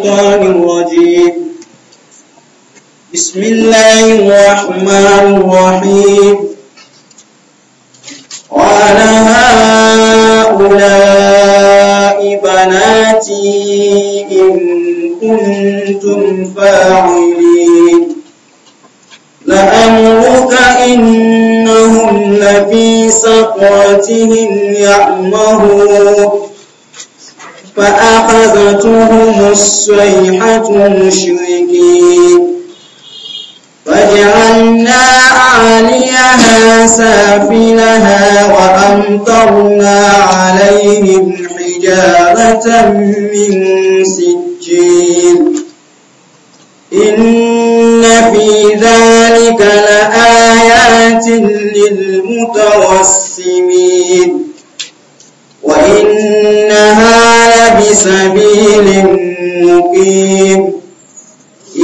الشيطان الرجيم بسم الله الرحمن الرحيم وعلى هؤلاء بناتي إن كنتم فاعلين لأمرك إنهم لفي سقرتهم يأمرون فأخذتهم الصيحة مشركين فجعلنا عليها سافلها وأمطرنا عليهم حجارة من سجيل إن في ذلك لآيات للمتوسمين وإن سبيل مقيم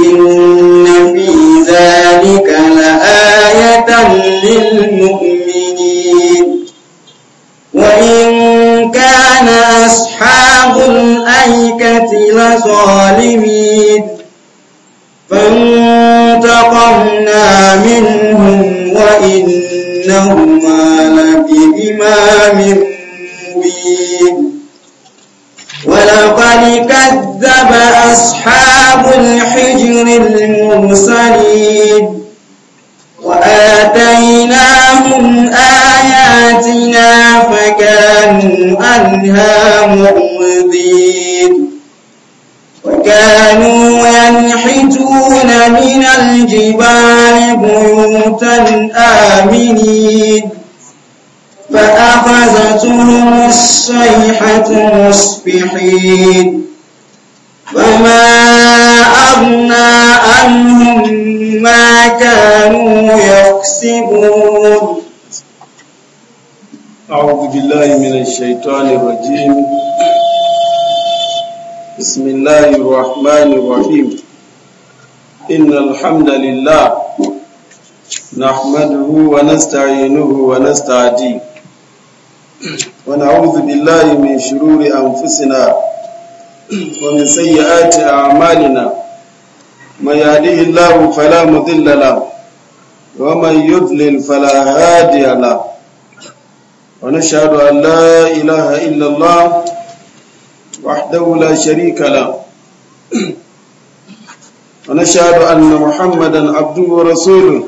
إن في ذلك لآية للمؤمنين وإن كان أصحاب الأيكة لظالمين فانتقمنا منهم وإنهما لبإمام مبين كذب أصحاب الحجر المرسلين وآتيناهم آياتنا فكانوا عنها مؤمنين وكانوا ينحتون من الجبال بيوتا آمنين فأخذتهم الصيحة مصبحين فما أغنى عنهم ما كانوا يكسبون أعوذ بالله من الشيطان الرجيم بسم الله الرحمن الرحيم إن الحمد لله نحمده ونستعينه ونستعديه ونعوذ بالله من شرور أنفسنا ومن سيئات أعمالنا من يهده الله فلا مضل له ومن يضلل فلا هادي له ونشهد أن لا إله إلا الله وحده لا شريك له ونشهد أن محمدا عبده ورسوله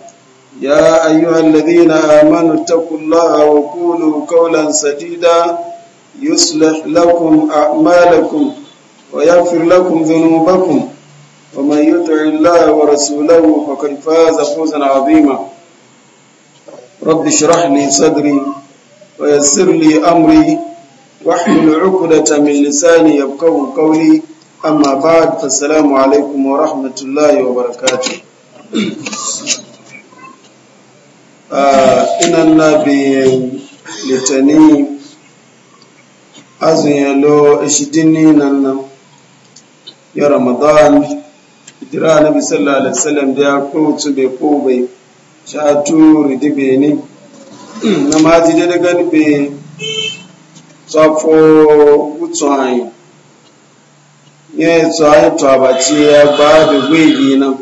يا أيها الذين آمنوا اتقوا الله وقولوا قولا سديدا يصلح لكم أعمالكم ويغفر لكم ذنوبكم ومن يطع الله ورسوله فقد فاز فوزا عظيما رب اشرح لي صدري ويسر لي أمري واحمل عقدة من لساني يبقوا قولي أما بعد فالسلام عليكم ورحمة الله وبركاته Ah, inan na biyin litani azun yalo ishidini nan nan ya ramadan jira na bisallah alisalam da ya kowace bai ko bai shatu ridibe ne na maji da daga bai tsafo wucin hanyar ya yi tsaye tabaci ya ba da gwaigi nan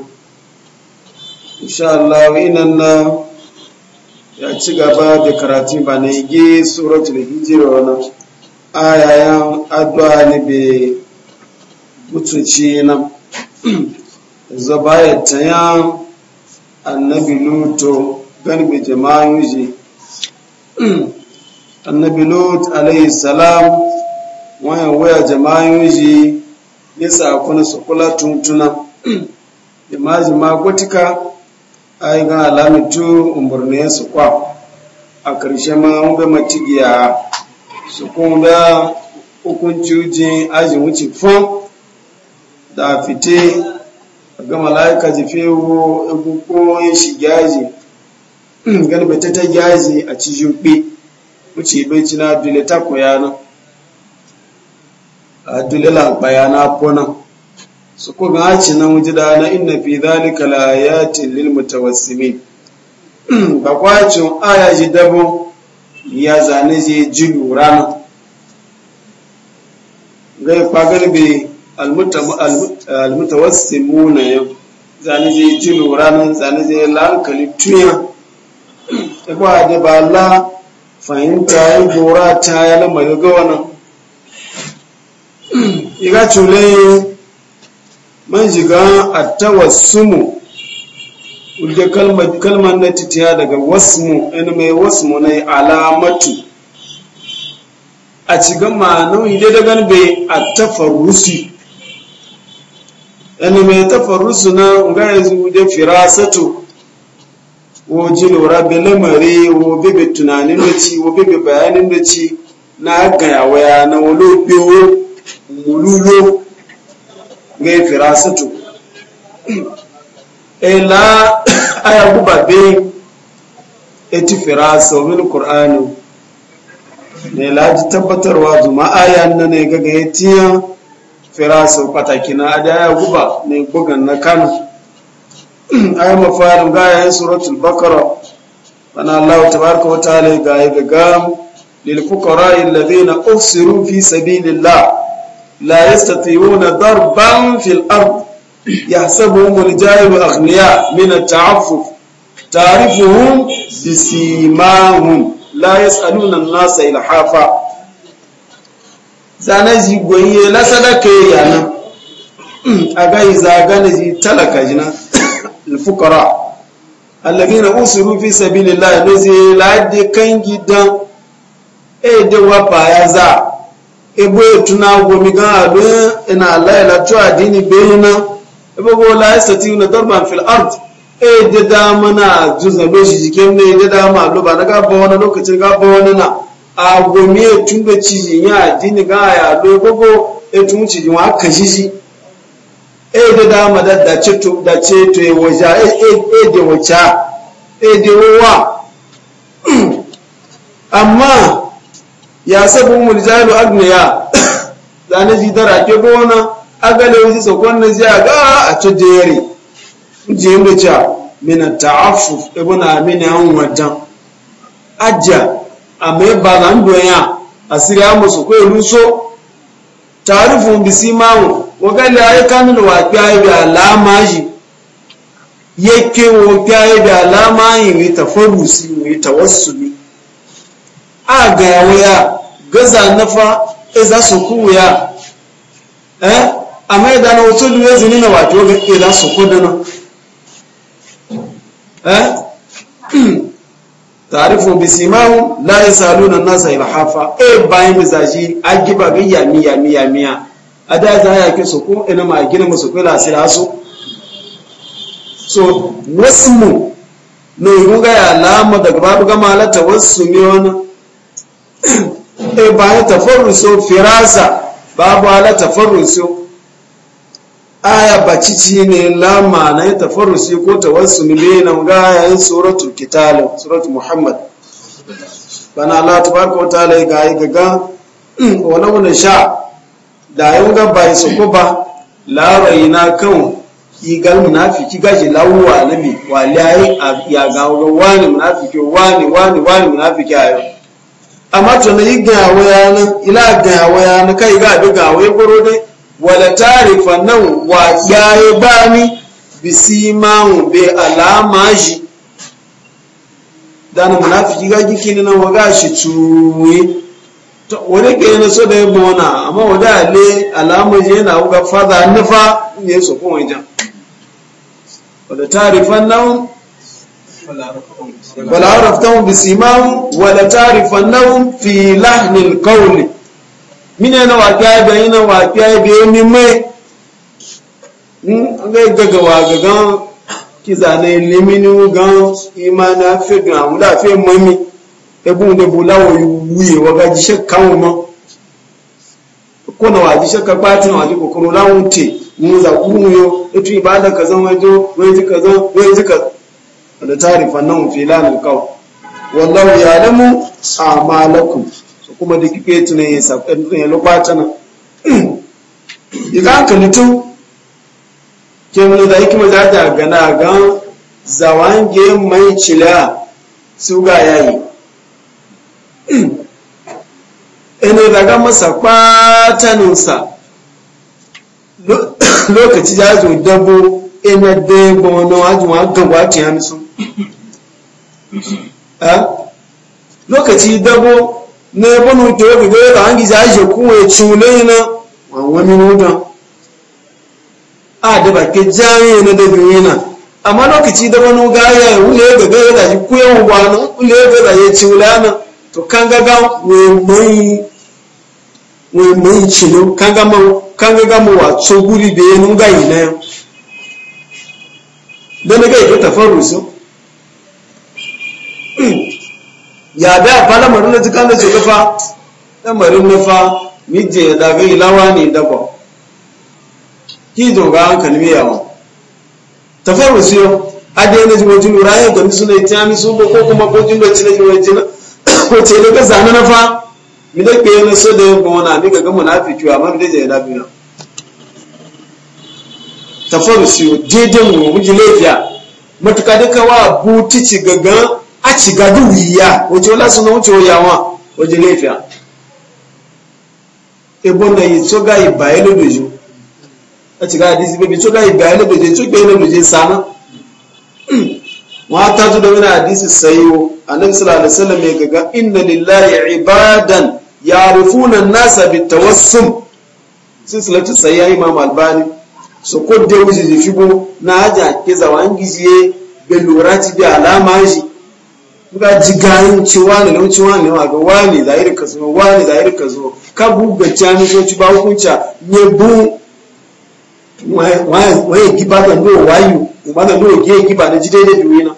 insha Allah inan na ya ci gaba da karatu ba na ige suratul hijira wani ayayen adwa ne bai mutunci na zaba ya taya annabi luto garbi jama'in yuji annabi luto alayhi salam wayan waya jama'in yuji ya sa kuna sukula kula tuntuna da majima gotika ai ga alamitu umurne su kwa a ƙarshe ma an ga matigiya su kuma da hukunci ujin ajin wuce fun da fite ga mala'ika jifewo egungun ya shi ji hmm, gani bai ta gyaji a cikin ɓe wuce bai na dule ta koya a dule lagbaya na ponan su ko ga haci nan wujida da na inna fi zalika la ayatin lil mutawassimin ba kwacin aya ji dabo ya zane je ji lura na gai fagar be al mutawassimun yau zane je ji lura na zane je lankali tuya ta e kwa da ba la fahimta yi lura ta ya lamari gawanan wannan iga cule man shiga a tawassumu ulga kalmar na titiya daga wasmu ina mai wasmu na yi alamatu a ciga ma'anin ile da ganbe a tafarrusi ina mai tafarrusu na ga yanzu da firasatu wo ji lura bi lamari wo bi tunanin da ci wo bi bayanin da ci na gaya waya na wani biyo mululo ga firasatu ila eh, aya guba be eti firasa min qur'ani ne laji tabbatarwa juma'a aya ne gaga yatiya firasa pataki na ada aya guba ne bugan na kano aya mafarin ga aya suratul baqara ana Allah tabaraka wa ta'ala ga ga lil fuqara alladhina ufsiru fi sabilillah لا يستطيعون ضربا في الأرض يحسبهم الجاهل أغنياء من التعفف تعرفهم بسيماهم لا يسألون الناس إلحافا zane ji goyi la sadaka yana a gai zagane ji talaka jina alfukara allazina usuru fi sabilillah ne zai kan gidan e de ya za ebo etu na gomi ga adu ina la ila to adini beyina na bo la isati na dọrban fil ard e de da mana juza be shi jikin ne de da ma lo ba daga ba ga ba na a etu be ci nye adini ga ya do gogo etu ci wa kashiji e de da ma da da ce to da ce to amma ya sabu muljalu agniya zane ji dara ke bona agale wuji sokon na ji aga a to jeri ji ndo cha mina ta'affuf ibuna amina an wajan ajja ame bala ndo ya asiri amu so ko eluso taarifu bisimawo wogale ayi kanu wa pe ayi bi alama yi yake wo pe ayi bi alama yi wi tafarusi wi tawassuli aga ya gaza nafa eza soku ya eh amma idan na wato luwe zini na wato ga eza soku da na eh ta'rifu bi simahu la yasaluna an-nasa hafa e bayin mizaji agiba bi yami yami yami ada za ya ke soku ina ma gina musu la sira su so wasmu no yuga ya lama daga babu gama la wasu ne wani e ba na tafarruso firasa ba ala tafarruso aya bacici ne lama na ya tafarruso ko tawassu ne na ga yayin suratul kital suratul muhammad bana la tabaraka wa taala ga yi gaga wala hmm, wala sha da yau ga bai su ko ba la raina kan igal munafiki shi lawuwa nabi wali ya ga wani munafiki wani wani wani munafiki ayo amma to na yi gawa yana ila gawa yana kai ga bi gawa ya goro dai wala tarifa nan wa yayi bani bisimahu be alama shi dan munafiki ga jiki ne nan waga shi tuwe to wani ke yana so da ya bona amma wada le alama shi yana wuga fada nufa ne so kuma wajen wala tarifa nan wala araftahum bi simahum wala ta'rifannahum fi lahnil qawli ni hmm, gaga wa gaga ki zane limini imana fe da fe mami wa ga ji ko na shakka kokoro te za ku yo ibada kazan ji kazan ji kazan wala tarifa nan fi wallahu ya lamu a malakun su kuma da kike tunaye ya ne lokacin nan idan ka nitu ke mun da hikima za ta gana gan zawange mai cila su ga yayi ene daga masa kwataninsa lokaci ya zo dabo ina dai ba wani wajin wa gabata ya misu lokaci dabo na yabonu to yau gaba da hangi za a je kuma ya cune na wawan minuta a da baki jami'a na da duniya amma lokaci dabo na gaya wule ya gaba ya zaji kuyan wani wule ya gaba ya cune na to kan gaga wai mai cinu kan gaga mawa tsoguri da ya nunga yi na yau don ga ita tafarrusu ya da fa lamarin na jikan da ce kafa lamarin na fa je ya daga ilawa ne daba ki ga hankali mai yawa tafarrusu yau adai na jimojin lura yau gami suna yi tiyami su ba ko kuma ko jin doci na jimojin ko ce daga zane na fa mi da ke yana so da yau gona ni abin ga gama na fi kiwa amma mi da ya dabi na tafarusiyo daidai mu muji lafiya matuka duka wa buti ci gaga a ci gadu wiya wato la suna wuce yawa waje lafiya ebo na yi tsoga iba ele dojo a ci gadi si bebe tsoga iba ele dojo tsoga ele dojo sana wa ta zo da wani hadisi sayo annabi sallallahu alaihi wasallam ya gaga inna lillahi ibadan yarifuna an-nasa bitawassum silsilatu sayyah imam albani soko de wuce da shigo na haja ke zawan gijiye da lura ci da alama shi ga ji gayin ci wani nan ci wani ga wani zahiri ka zo wani zahiri ka zo ka buga jami ko ci ba hukunta ne bu waye giba da no wayu kuma da no ge giba da ji daidai duwe na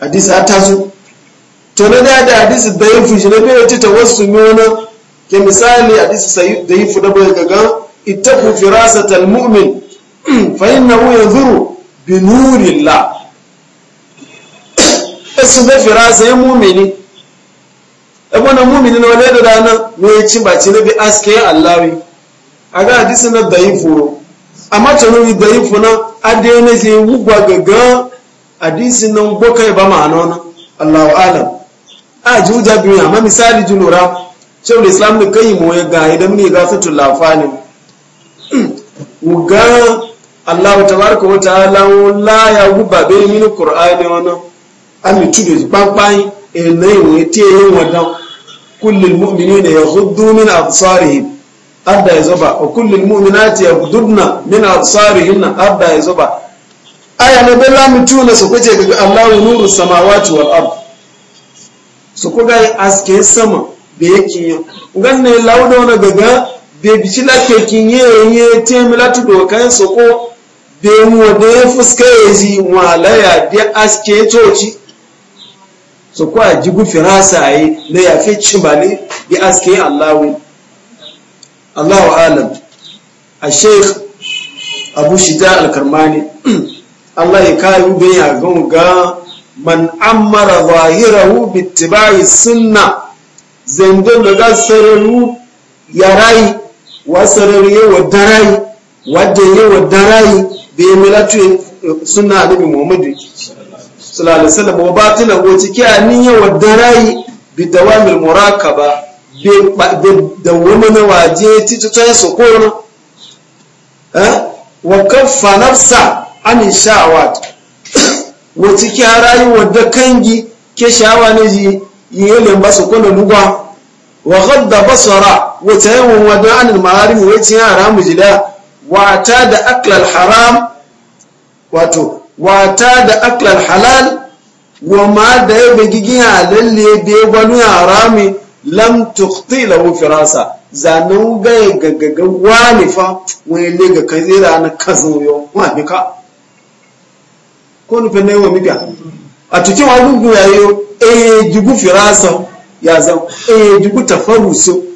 hadisi a taso to na da hadisi da yin fushi na bai ta wasu nuna ke misali hadisi sayyid da yin fuda bai gaga اتقوا فراسة المؤمن فإنه ينظر بنور الله اسمه فراسة المؤمن abuna mumini na wale da dana ne ya ci baci na bi aske ya allawi a ga hadisi na dayifu a matsaloli dayifu na adai na je wugwa gaga hadisi na gbokai ba ma'ana na allahu alam a juja wuja biyu amma misali junura shawar islam ne kai mu ya ga idan ne ga fitul lafanin ga allahu tabaraka wa ta'ala la ya guba be min qur'ani wana ami tudu pampan e na iwe ti e wadan kullul mu'minina yaghuddu min absarihim adda yazaba wa kullul mu'minati yaghudduna min absarihinna adda yazaba aya na mu mutuna su kuce ga allahu nuru samawati wal ard su kuga aske sama da yake yin ganne laudo na gaga bebici lafekin yeye temi lati dokan soko bemu da ya fuska ya ji ya de aske coci soko a jigu firasa yi ne ya fi cimali bi aske allahu allahu alam a sheikh abu shida alkarmani allah ya kayu bin ya ga man amara zahirahu bittibai sunna zendo da ya yarayi wasarari yawa darai wadda yawa darai bai milatu eh, suna annabi muhammadu sallallahu alaihi wa batila ko ciki anin yawa darai bi dawamil murakaba bi da wani na waje titutai sokoro eh wa kafa nafsa an sha'awa wa ciki rayuwa da kangi ke sha'awa ne ji yele su kullu lugwa wa ghadda basara wata yawan wadda anil maharim wai cin haramu wata da aklal haram wato wata da aklal halal wa ma da ya bigi halalle be wani harami lam tukti lahu firasa zanen ga gaggaga wani fa wani le ga kai zira na kazan yo wani ka ko nufin na yawan mibiya a cikin abubuwa yayo eh dubu firasa ya zan eh dubu tafarusu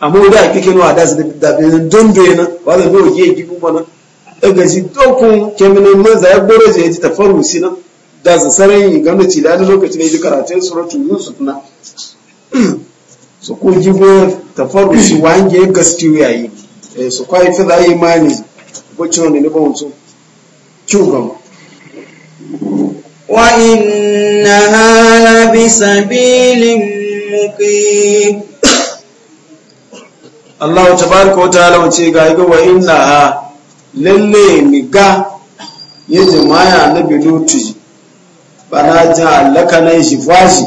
amma da a kike nuwa da da benin dondo yana ba zai nuwa ke gibu mana daga shi dokun keminin manza ya gbore zai ji tafar rusi na da su sarai yi gama ci da lokacin ya ji karatun suratun yusuf na su ko gibu tafaru si wange gaskiyo yayi eh, su kwaye fi za yi mani wacce wani ne ba wancan kyau gama وإنها لبسبيل مقيم Allah tabaraka wa ta'ala wace ga ga wa inna lalle mi ga ya jama'a na biluti bana ja allaka na shi fashi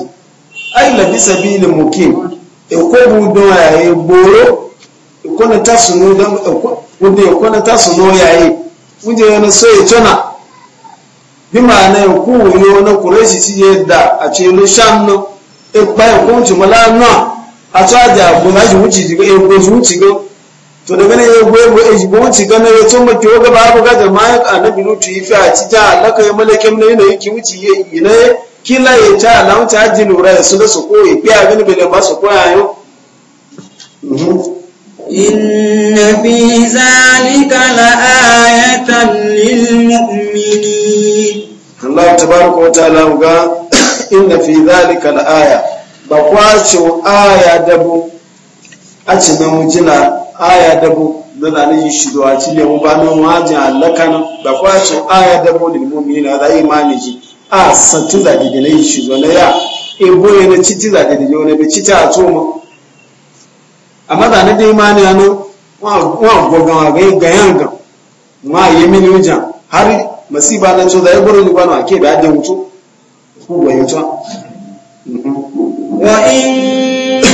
ai la bisabil mukim e ko bu do yayi boro e ko na tasunu da e ko de e ko na tasunu yayi kuje e na so ya tona bi ma ya ku yo na kureshi ci yadda a ce shanu shanno e ba ko jumala na a tsaja ko na shi wuce ji ga ko shi wuce ga to daga ne ya goye goye shi wuce ga na ya tsoma ki ga ba ku ga da mai annabi lutu yi fa ci ta alaka ya malakin ne yi ki wuce ye ina kila ya ta lawo ta ji lura ya su da su koyi biya gani bele ba su koya yo إن في ذلك لآية للمؤمنين الله تبارك وتعالى قال إن في ذلك لآية ba kwacin aya dabo a cinan mujina aya dabo don ne yi shi zuwa cile mu ba nan wajin allaka nan ba kwacin aya dabo da limomi na za imani ji a satu da gidi na yi zuwa na ya ebo ya na citi da gidi yau na bai citi a tsoma amma da na dai imani ya nan wa gogon a gai gayan ga ma yi mini wujan har masiba na cewa da ya ni ba na ke da ya mutu ku gwayo can وإن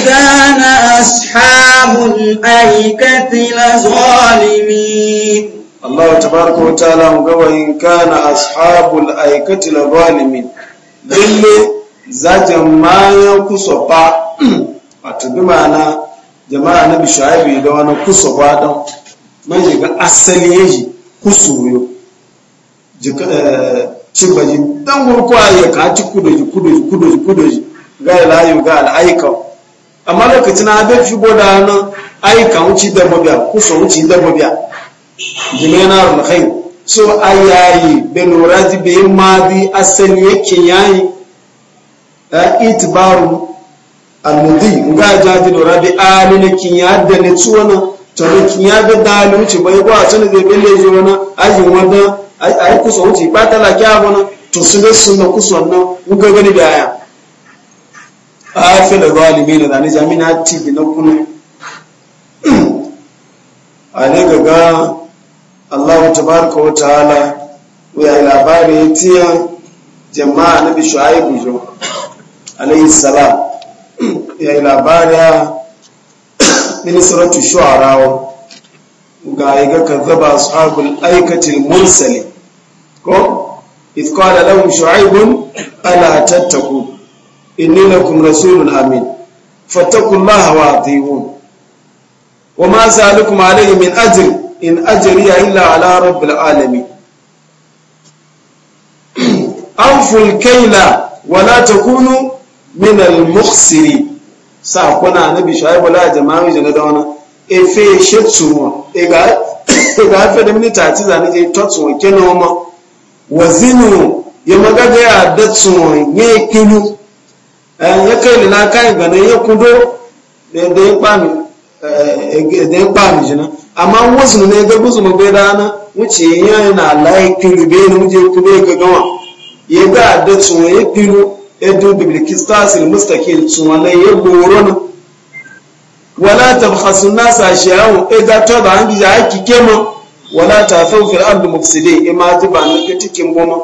كان أصحاب الأيكة لظالمين الله تبارك وتعالى وإن aikati أصحاب الأيكة لظالمين lalle za jama'a kusa ba wato bi ma'ana jama'a na bishaibu da wani kusa ba don man shiga asali yaji kusuyo ci baji dan gurkuwa ya ka ci kudoji kudoji kudoji kudoji ga layu ga al'aika amma lokacin abin fi da na aika wuci da mabiya kusa wuci da mabiya jimena alkhair so ayayi da lura ji bai ma bi asali yake yayi a itibaru al-mudi ga jaji lura bi alinakin ya da ne tuwana tare kin ya ga dalu bai ba sanin zai belle ji na ajin wadda a yi kusa wuce ba ta laki abu na to su ga sun na kusa wannan wuka gani da aya a fi da zalimi na zane jami'a tibi na kuna a ne gaga allahu tabaraka wa ta'ala ya labari tiya jama'a na bishu aibu jo alayhi salam ya labari ministratu shu'arawa ga yi ga kazzaba ashabul aikatil mursali ko iz qala lahum shu'aybun ala tattaku inni lakum rasulun amin fattaqullaha wa atiyun wa ma zalikum alayhi min ajr in ajri illa ala rabbil alamin awfu al-kayla wa la takunu min al-mukhsirin sa kuna nabi shu'aybu la jama'i jana da wannan efe shetsu won ega ega fe eh, de minita ti za ni je totsu won kenu omo wazinu ya magaga ya datsu won ye kinu eh ya kai ni na kai ga ne ya kudo da da ya kwami eh da ya kwami jina amma wasu ne ga guzu mu bai dana wuce ya na lai kinu be ni muje kudo ga gawa ya ga datsu won ye ya na wala tabkhasu nasa ashya'ahum idza toba hangi ya kikemo wala ta tathaw fil ardi mufsidin ima tiba nake tikin goma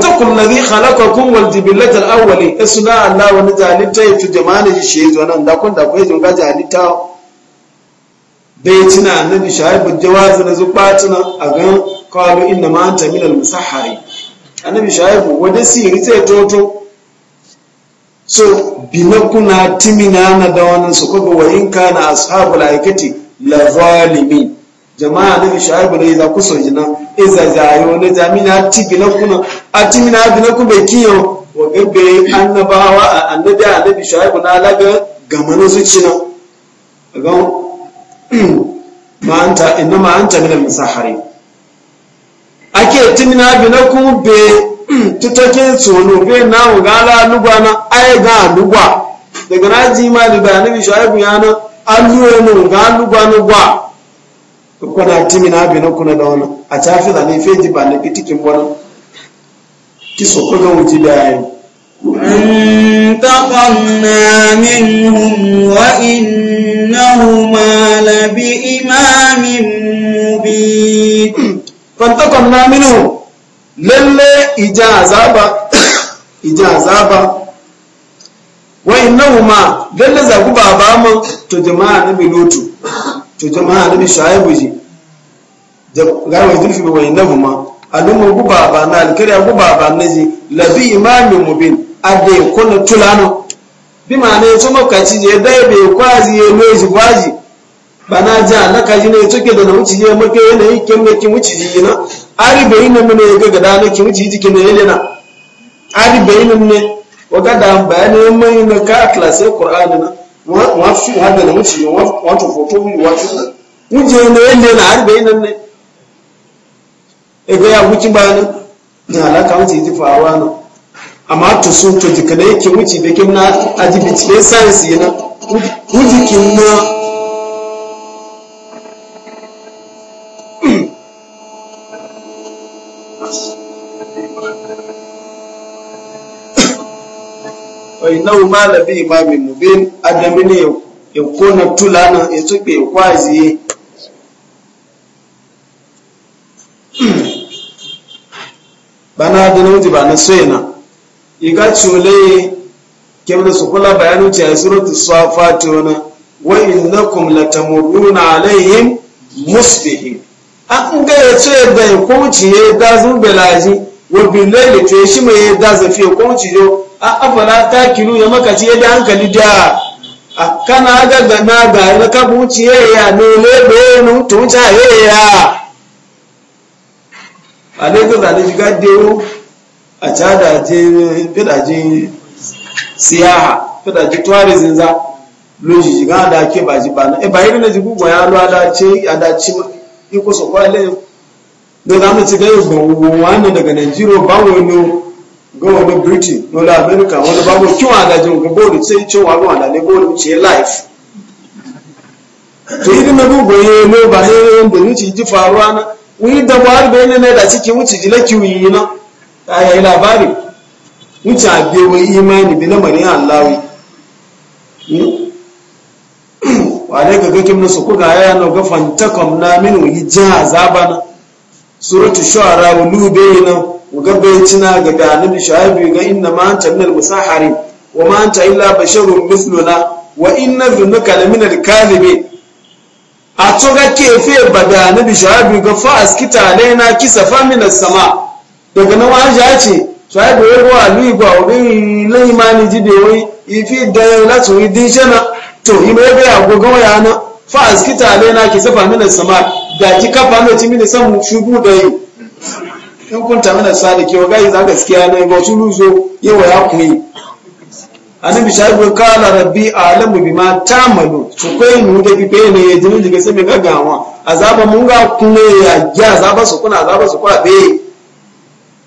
taqul ladhi khalaqakum wal jibillata al awwali isna allah wa najalita fi jamana ji shezo nan da kun da kwai junga jalita bai cina annabi shaibu jawazu na zubatina a ga qalu inna ma anta min al musahhari annabi shaibu wada siri sai toto so binakuna timina na da wannan su kuma wa in kana ashabul aikati la zalimi jama'a da shaibu ne za ku so jina iza jayo na jamina ti binakuna a timina binakun bai kiyo wa gabe annabawa a annabi annabi shaibu na laga gamana zuciya ga ma anta inna ma anta min al sahari ake timina binakun bai tutakin tsoro fe na mu ga na ai ga lugwa daga na ji ma da bayani bi shaibu ya na ga lugwa na gwa ko na timi na bi na kuna da wani a tafi da ne fe ba kitikin wani ki so ko ga da انتقمنا منهم وإنهما لبإمام مبين فانتقمنا منهم lalle ija azaba ija azaba wa innahuma lalle zagu baba mu to jama'a nabi lutu to jama'a nabi shaibu ji garwa zulfi wa ma alumu gu baba na alkariya gu baba na ji labi imamin mubin ade kuna tulano bi ma ne to makaci je dai be kwazi ye loji kwazi bana ja alaka kaji ne suke da na wuce je maka yanayi kin da kin wuce ji na ari bai nan ne ga gada na kin wuce ji kin ne na ari bai nan ne wa gada bayani mai na ka class Qur'ani na wa fi hada na wuce wa to foto wa to wuje ne yanda na ari bai nan ne e ga ya wuce ba ni na alaka wuce ji faruwa na amma to so to dikane kin wuce da kin na ajibi cikin science yana wuce kin na innahu ma la bi imamin mubin adami ne ya kona tulana ya tuke kwaziye bana da nauji ba na soyana iga cule kemda su kula bayanin ci a suratu safati wani wa innakum latamurruna alaihim musbihin an ga ya ce da ya kuma ciye da zubelaji wa billahi to shi mai yi zafi ya kuma ciyo a afala ta kilu ya makaci ya da hankali da a kana ga na ga na kabu wuce ya nole da ya nutu wuce ya a ne ka zane shiga dewo a cada je fidajen siyaha fidajen tourism za lójì shiga da ke ba ji bana e ba yi na jibu ba ya lo adace adace iko so kwale ne zamu ci ga yau ba wannan daga Najeriya ba wani gbọ́n ọdún britain lọ́la amẹ́ríkà wọn ló bá mọ̀ kí wọn adájọ́ nǹkan bóòlù tí tí wọn àwọn àdáni bóòlù tí ẹ láìfù. to yi dina gbogbo yi ne ba ne yadda ni ci ji faruwa na wani dabo har bai ne da ciki wuce ji laki wuyi na ta yi labari wuce a biyo wai imani bi na mani wa ne ga gakin kuka yaya na ga fantakom na jiha zaba na suratu shu'ara wa nubayna wa ga ga ganin shu'aibu ga inna ma anta al musahari wa ma anta illa basharun mithluna wa inna dhunuka la al kadhibi a kefe badani bi shu'aibu ga fa askita alaina kisafa as sama daga nan waja ce shu'aibu ya go ali ba wani lai mani jibe wai ifi da lati wai din shana to yi mai ga gogon wayana fa askita alaina kisafa as sama da ki kafa ne ci mini san shugu da yi in kun ta mana sadiki ke gai za gaskiya ne ba su luzo yawa ya kuyi annabi shaibu kala rabbi alamu bima tamalu su kai mu da bi kai ne ya jini daga sai ga gawa azaba mun ga kuma ya ja azaba su kuna azaba su kuna be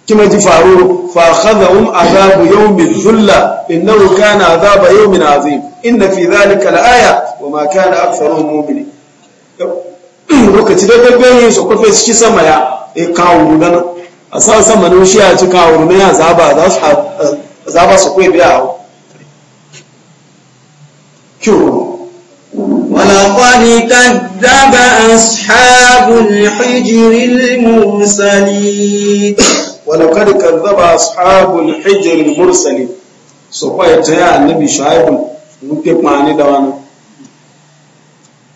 kima ji faru fa khadhum azabu yawmi dhulla innahu kana azaba yawmin azim inna fi dhalika la aya wa ma kana aktharuhum mu'minin lokaci da gaggan yin su kwafe shi sama ya kawo gana a sa sama ne shi ya ci kawo rudan ya zaba za su zaba su kwai biya hau kyau ولقد كذب أصحاب الحجر المرسلين ولقد كذب أصحاب الحجر المرسلين سوف يتيا النبي شعيب نكتب معني wani.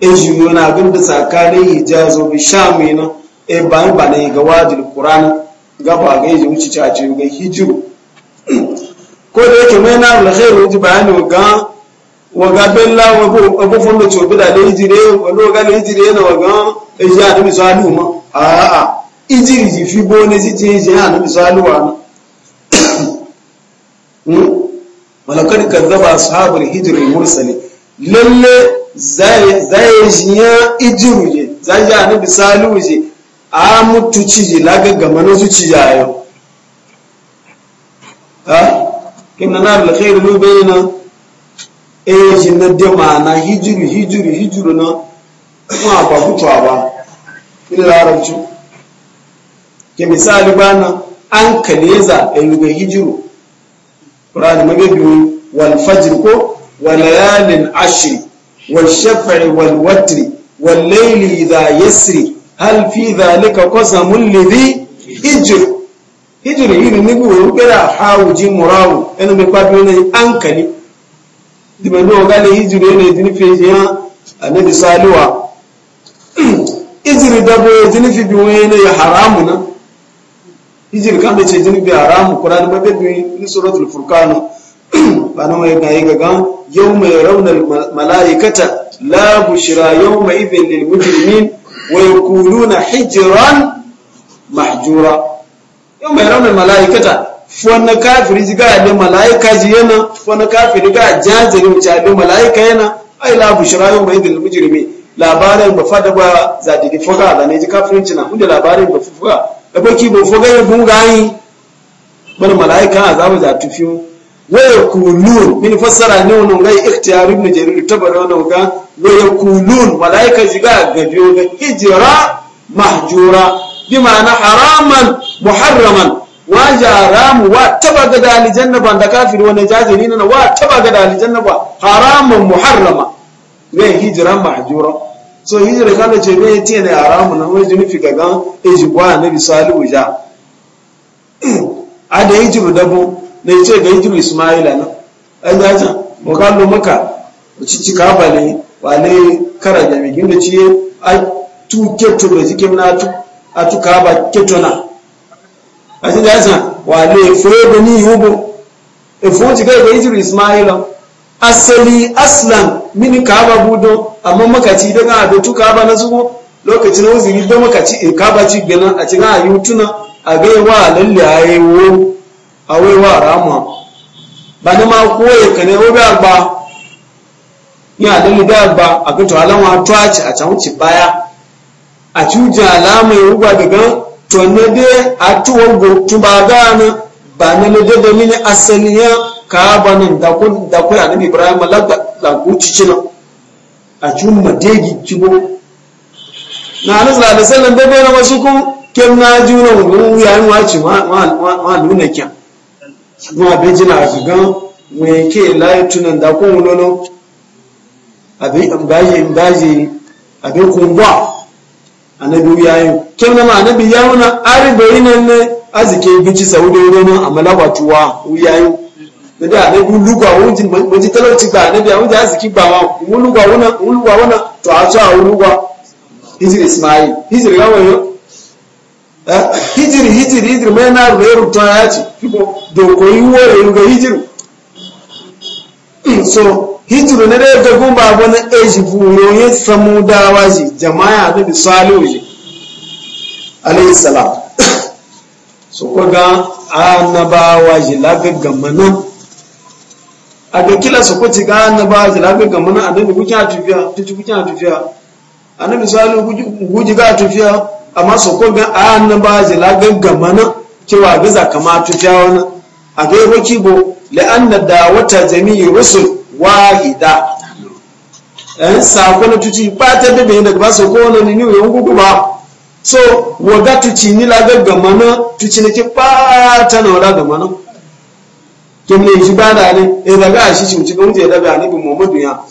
eji yana abin da tsakanin hijazo bi sham yana e ban ba ne ga wajin qur'an ga ba ga yi wuce ta ce ga hijiru ko da yake mai na alkhairu ji bayani ga wa ga bella wa abu fun da tobi da hijire wa lo ga hijire na wa ga eji anabi salu ma a a ijiri ji fi bo ne ji ti eji anabi salu wa na hmm? walakad kadzaba ashabul hijri mursali lalle zai jiya ijiru je zai ji anabi salihu je a mutu ciji gama na zuciya yau ha Kina na nar alkhairu mu bayna eh jinna de na. hijiru hijiru hijiru na kuma ba kutuwa ba ila larabci ke misali bana an kaleza da ga hijiru qur'ani magabi wal fajr ko wa layalin ashr والشفع والوتر والليل إذا يسري هل في ذلك قسم لذي هجر هجر هنا نقول بلا حاوجي مراو أنا بقابلنا أنكلي دي ما نقول قال هجر هنا يدني في جهة النبي صالوا هجر دابو يدني في بوين يا حرامنا هجر كان بيجي يدني بحرام القرآن ما بيبي سورة الفرقان bana mai gayi gaga yau mai raunar mala'ikata la bushira yau mai idin lil mujrimin wa yaquluna hijran mahjura yau mai raunar mala'ikata fona kafiri ji ga da mala'ika ji yana fona kafiri ga jajiri mu da mala'ika yana ai la bushira yau mai idin lil mujrimin labarin ba fada ba za ta ki foka da ne ji kafirinci na inda labarin ba fuka da baki ba foka ya bunga yi bar mala'ika azabu za tufiyo wayakunun min fassara ne wannan gai ikhtiyar ibn jarir tabara wannan ga wayakunun malaika jiga gabe ga hijra mahjura bima'ana haraman muharraman wa jaramu wa tabaga da aljanna ban da kafiri wannan jaziri nan wa tabaga da aljanna ba haraman muharrama ne hijra mahjura so hijra kana ce ne tiye ne haramu nan wai jini fi gaga ejibwa nabi salihu ja ada ejibu dabo na ce ga hijiru ismaila nan an zaza lomaka maka cici kaba ne ba ne kara jami'in da ciye a tu keto da jikin na a tu kaba keto na a cikin zaza wa ne fure da ni yugo efo ci ga hijiru ismaila asali aslan mini kaba budo amma makaci daga abin tu kaba na zugo lokacin uzuri da makaci in e kaba ci gina a cikin ayyutuna a gaiwa lalle a yi wo awe wa rama bani ma koye kane obi agba ni adali da agba akoto alawa twachi achawuchi baya achuja alama yugwa daga tonade atuwa go tubagana bani le dede mini asaliya kabanin da ku da ku annabi ibrahim la lagga laguci cina achun madegi kibo na annabi sallallahu alaihi wasallam da bayan wasu ku kemna juna mu yayin wace ma ma ma nuna kyan wọn Abeji na su gan wọn ke layi tunan da kun wulolo abin baje baje na kungwa annabi ya wuna azike a malakwatuwa ya yi nígbà níbi olúgbà òun ti mọ̀jí tẹ́lẹ̀ ti gbà níbi àwọn ìjà sì kí gbà wọn ismail ya hijiri hijiri hijiri mai na rero rubuta ya ce kibo dokoyi wore yuga hijiri so hijiri na dai ga gumba wani eji furo ya samu dawa ji jama'a da misaliyo ji alayhi salam so ko ga annabawa ji lagaggamma nan a ga kila su ko ga annabawa ji lagaggamma nan annabi kuke a tafiya tuci kuke a tafiya annabi kuke a tafiya amma su ko ga ayan nan ba zai la gaggama nan cewa ga za kama tufiya nan a ga yi bo la'anna da wata jami'i rusul wahida ɗan sako na tuci ba ta bebe daga ba su ko wani ne yau gugu ba so waga tuci ni la gaggama nan tuci na ke ba ta na wada gama nan kim ne shi ba da ne e daga shi shi mu ci ga mu je daga ne bi mu mu dunya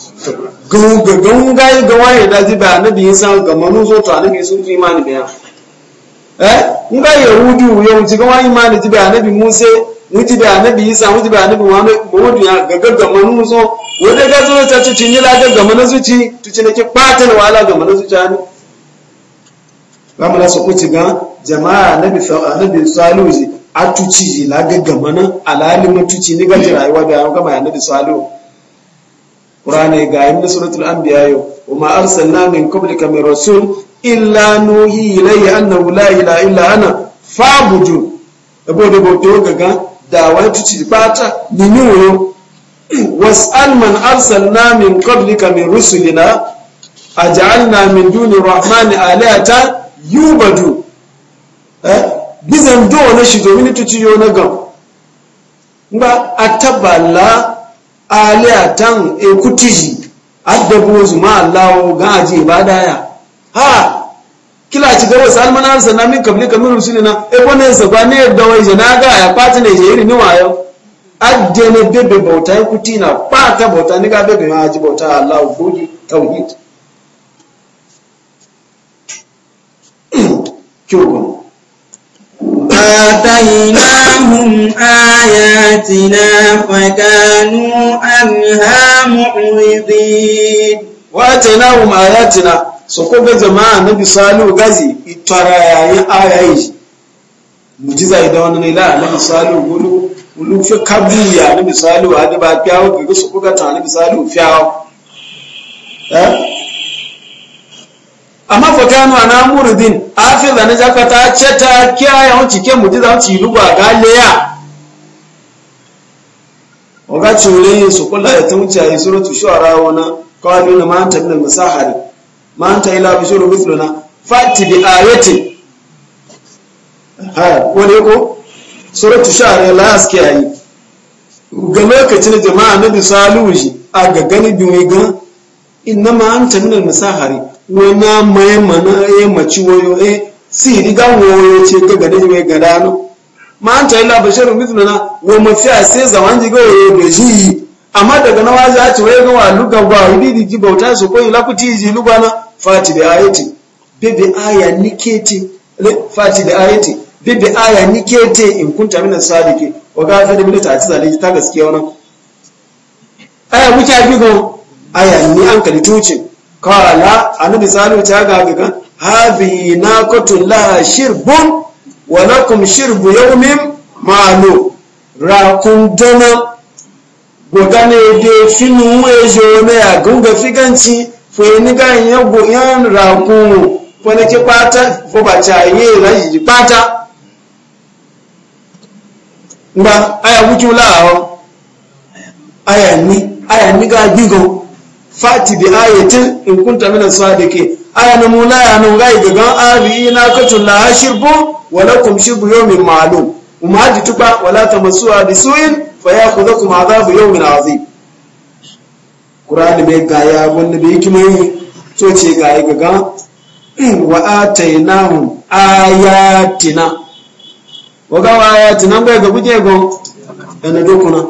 gunga gunga yi ga waye da ziba annabi isa ga manu zo to annabi sun fi imani biya eh nga yahudu ya wuce ga waye imani ziba annabi musa wuce da annabi isa wuce da annabi muhammadu ya ga ga manu zo wanda ga zo ta ci cinye la ga manu zuci tuci nake patal wala ga manu zuci ani su kuci ga jama'a la ga ga manu ni ga rayuwa da ga qur'ani ga yin suratul anbiya yo wa ma arsalna min qablika min rasul illa nuhi ilayhi anna la ilaha illa ana fabudu ebo de boto gaga da wani tuci bata ni ni wo was'al man arsalna min qablika min rusulina aj'alna min duni rahmani alihata yubadu eh bizan do na shi domin tuci yo na gam ba atabala aliyatan e kutiji addabu su ma Allah ga aji ibada ya ha kila ci gaba almana salmana na min kabli kamin rusuli na e wannan sa ba ne yadda wai jana ga ya pati ne je ni wayo ajene bebe bauta na pata bauta ni ga bebe ma aji bauta Allah goji tauhid kyogo atainahum a آياتنا فكانوا عنها معرضين واتناهم آياتنا soko ga jama'a nabi salihu gazi itara yayin ayayi mujiza idan wani ne la nabi salihu gulu gulu fi kabu ya nabi salihu hadi ba fiyawo gugu soko ga ta nabi salihu fiyawo amma fa ana muridin afi da na ce ta kiyaye wancike mujiza wancike ruba galeya wakati ule su kula ya wuce a yi suratu shu'ara wana qalu na ma anta min al-masahari ma anta ila bishurun mithluna fati bi ayati ha wani ko suratu shu'ara la a yi. ga lokacin jama'a nabi salihu shi a ga bi mai ga Ina ma anta min al-masahari wana mai mana ya eh, maci wayo eh si riga wayo ce ga gani mai gadano ma an ta ila basharun mithluna wa mafiya sai zaman ya yi da shi amma daga na za a ci wai ga wa luga ba wudi ji bauta su koyi lakuti ji fati da ayati bibi aya nikete fati da ayati bibi aya nikete in kunta min sadiki wa gafa da bin ta ci zaliki ta gaskiya wannan aya muke bigo aya ni an kali tuce kala annabi sallallahu ta ga ga hadhi naqatul la shirbun walakum shirbu yawmin ma'lum rakun dana gogane de finu wejo ne ya gunga figanci feni ga yago yan rakun wani ke pata fo ba cha ye la yi pata ngba aya wuju la o aya ni aya ni ga gigo fati bi ayatin in kunta minan sadike aya na mula ya nan gai daga gan abina ka la shirbu wa lakum shirbu yawmin ma'lum umma ji tuba wala bi suin fa ya'khudhukum adhabu yawmin azim qur'ani mai ga ya wanda yake mai to ce ga ga gan wa atainahum ayatina wa ga ayatina bai ga buje go ana dokuna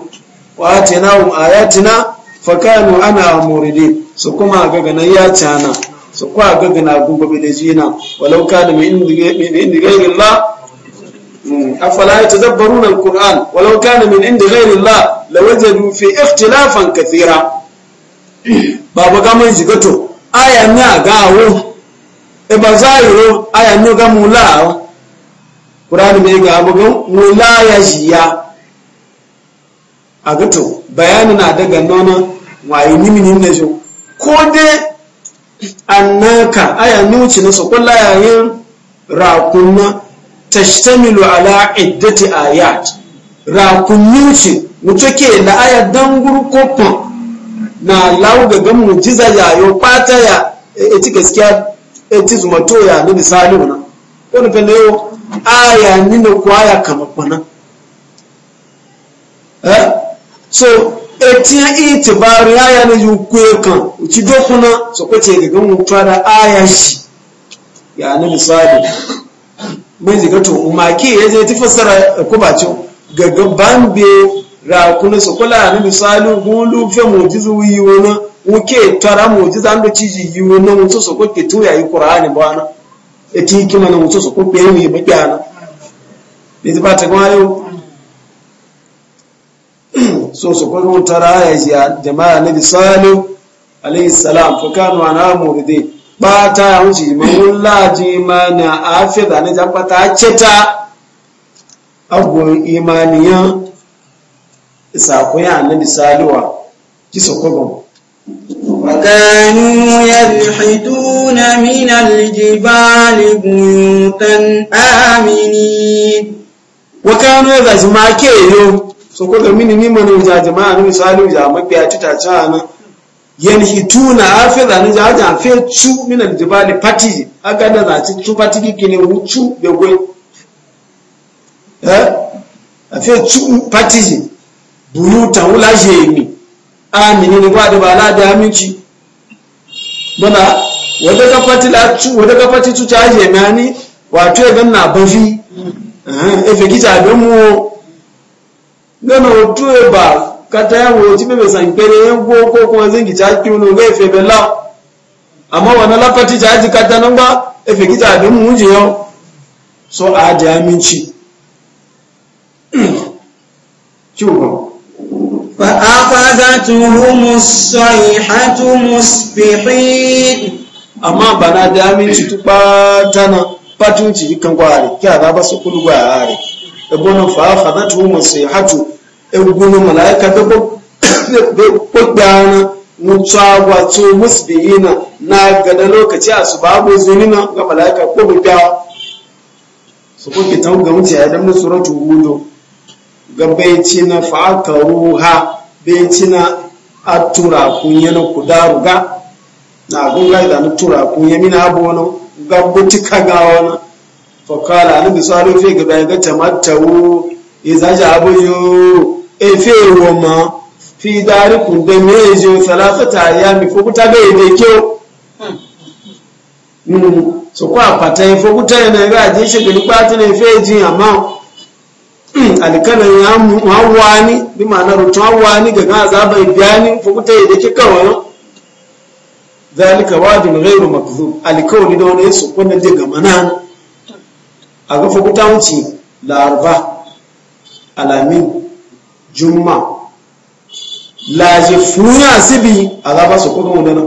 wa atainahum ayatina fakanu ana muridi su kuma gaga nan ya cana su kwa gagana na gungo da jina walau da mai inda gairin la afala ya zabbaru na kur'an walau da min inda gairin la lawajadu fi ikhtilafan kathira babu gama jigato aya ni a gawo e ba zairo aya ni ga mula kur'an mai ga abugan mula ya jiya a gato bayani na daga nonon waye niminin na jo ko dai annaka aya nuci na sakwalla yayin rakunna tashtamilu ala iddati ayat rakunnuci mutuke da aya danguru kokon na lauga ga mujiza yayo fata ya eti gaskiya eti zumato ya ni misali wannan wani fende yau aya ni ko aya kamar kwana. eh so etiyan itibaru ya yana yukwe kan ci dokuna su kwace daga mutuwa da aya shi ya na misali mai ziga to umaki ya zai ti fassara kubacin gaggan bambe rakuna su kula na misali gulu fe mujizu yi wani wuke tara mujiza an da ciji yi wani mutu su kwake tuya yi kur'ani ba na eti kima na mutu pe kwake yi mai bakiyana ne ba ta gwa yau so su kwa raya ji a jama'a na na bisani alaihissalam nabi salihu alayhi salam fa kanu ana muridi bata wuce mawullaji mana afida ne jabata ceta agun imaniyan na annabi saliwa ki sokogo وكانوا يلحدون من الجبال بيوتا آمنين وكانوا يزمع كيلو so ko da mini ni mana ja jama'a ni misali ja mafi a tuta can yanhituna hafiza ni jaja afe chu mina jibali pati aga da za ci chu pati kini wuchu be gwe eh afe chu pati buyuta wula jemi amini ni gwada ba la da aminci bana wanda ka pati la chu wanda ka pati chu ta jemi ani wato ga na bafi eh efe kita don mu gana otu eba kata ya wo ti bebe san kere yan go ko ko zin gi ta ki unu ga ife bela amma wannan lafati ta ji kata nan ba ife ki ta da mu je yo so a ji aminci ciwo فأخذتهم الصيحة مصبحين أما بنا دامين تباتنا باتون تجي كنقاري كي هذا بس كل قاري ابونا فأخذتهم الصيحة egunu malaika be kwagbana mutu agwa tu musbihina na gada lokaci a su babu zunina ga malaika ko buga su kuke ta ga mutu ya dan suratu hudu ga baiti na ha baiti na tura kunye na kudaruga na gunga da na tura kunye mina abu wani ga butika ga wani fakala anabi salihu fi ga ga tamattawu ya zaji abu yau efe wa ma fi dari kun da meje salafata ya mi ko kuta de ide kyau mm so ko apata fo kuta na ga je shi gani ti na fe ji ama alikana ya mu awani bi ma na ru to awani ga ga ba ibiyani fo kuta de ke kawai zalika wadi mu gairu makzub alkawli da wani su kunna daga manan a ga fo kuta wuce larba alamin juma laji funya sibi azaba su kodo dana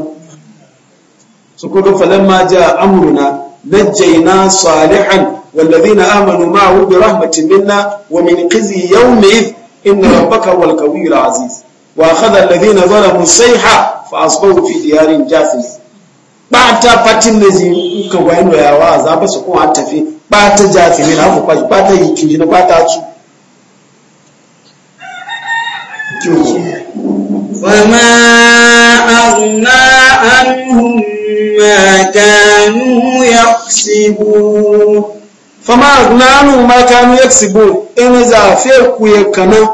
su kodo falamma jaa amruna najjayna salihan والذين آمنوا معه برحمة منا ومن خزي يومئذ إن ربك هو القوي العزيز وأخذ الذين ظلموا الصيحة فأصبحوا في ديار جاثمين ɓata fatin da ji ka wayan da yawa za ba su kuma tafi ɓata jafi ne na hafa kwashi ɓata yi kinji na ɓata su فما أغنى عنهم ما كانوا يكسبون فما أغنى عنهم ما كانوا يكسبون إن زافيرك يكنا